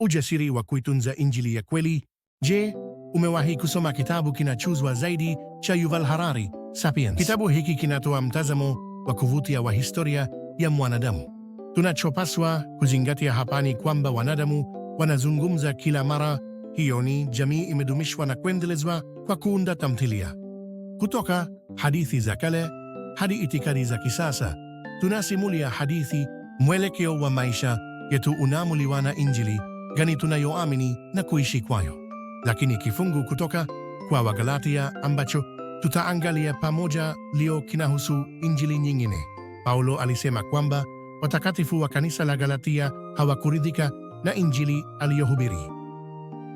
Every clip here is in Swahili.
ujasiri wa kuitunza Injili ya kweli. Je, umewahi kusoma kitabu kinachuzwa zaidi cha Yuval Harari, Sapiens? Kitabu hiki kinatoa mtazamo wa kuvutia wa historia ya mwanadamu. Tunachopaswa kuzingatia hapa ni kwamba wanadamu wanazungumza kila mara. Hiyo ni jamii imedumishwa na kuendelezwa kwa kuunda tamthilia, kutoka hadithi za kale hadi itikadi za kisasa. Tunasimulia hadithi, mwelekeo wa maisha yetu unamuliwa na Injili. Ganito tunayoamini na kuishi kwayo. Lakini kifungu kutoka kwa Wagalatia ambacho tutaangalia pamoja leo kinahusu injili nyingine. Paulo alisema kwamba watakatifu wa kanisa la Galatia hawakuridhika na injili aliyohubiri.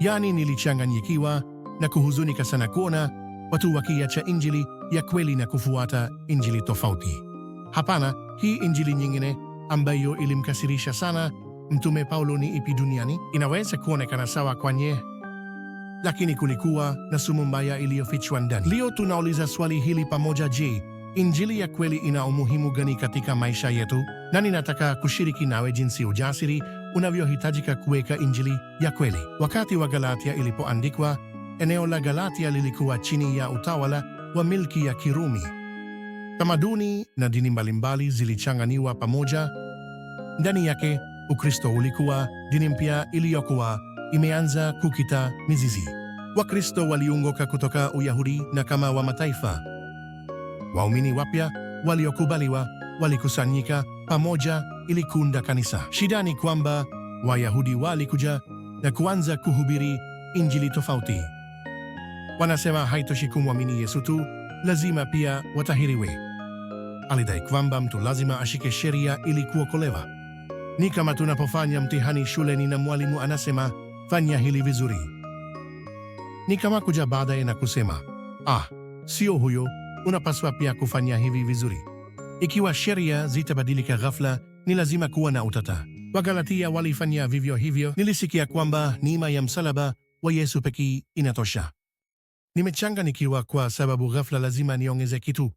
Yani, nilichanganyikiwa na kuhuzunika sana kuona watu wakiacha injili ya kweli na kufuata injili tofauti. Hapana, hii injili nyingine ambayo ilimkasirisha sana Mtume Paulo ni ipi duniani inaweza kuonekana sawa kwa nye, lakini kulikuwa na sumu mbaya iliyofichwa ndani. Leo tunauliza swali hili pamoja: je, injili ya kweli ina umuhimu gani katika maisha yetu? Na ninataka kushiriki nawe jinsi ujasiri unavyohitajika kuweka injili ya kweli. Wakati wa Galatia ilipoandikwa, eneo la Galatia lilikuwa chini ya utawala wa milki ya Kirumi. Tamaduni na dini mbalimbali zilichanganiwa pamoja ndani yake Ukristo ulikuwa dini mpya iliyokuwa imeanza kukita mizizi. Wakristo waliungoka kutoka Uyahudi na kama wa mataifa. Waumini wapya waliokubaliwa walikusanyika pamoja ili kuunda kanisa. Shida ni kwamba Wayahudi walikuja na kuanza kuhubiri injili tofauti. Wanasema haitoshi kumwamini Yesu tu, lazima pia watahiriwe. Alidai kwamba mtu lazima ashike sheria ili kuokolewa. Ni kama tunapofanya mtihani shuleni na mwalimu anasema fanya hili vizuri, ni kama kuja baadaye na kusema ah, sio huyo, unapaswa pia kufanya hivi vizuri. Ikiwa sheria zitabadilika ghafla, ni lazima kuwa na utata. Wagalatia walifanya vivyo hivyo. Nilisikia kwamba neema ya msalaba wa Yesu pekee inatosha. nimechanga nikiwa kwa sababu ghafla lazima niongeze kitu.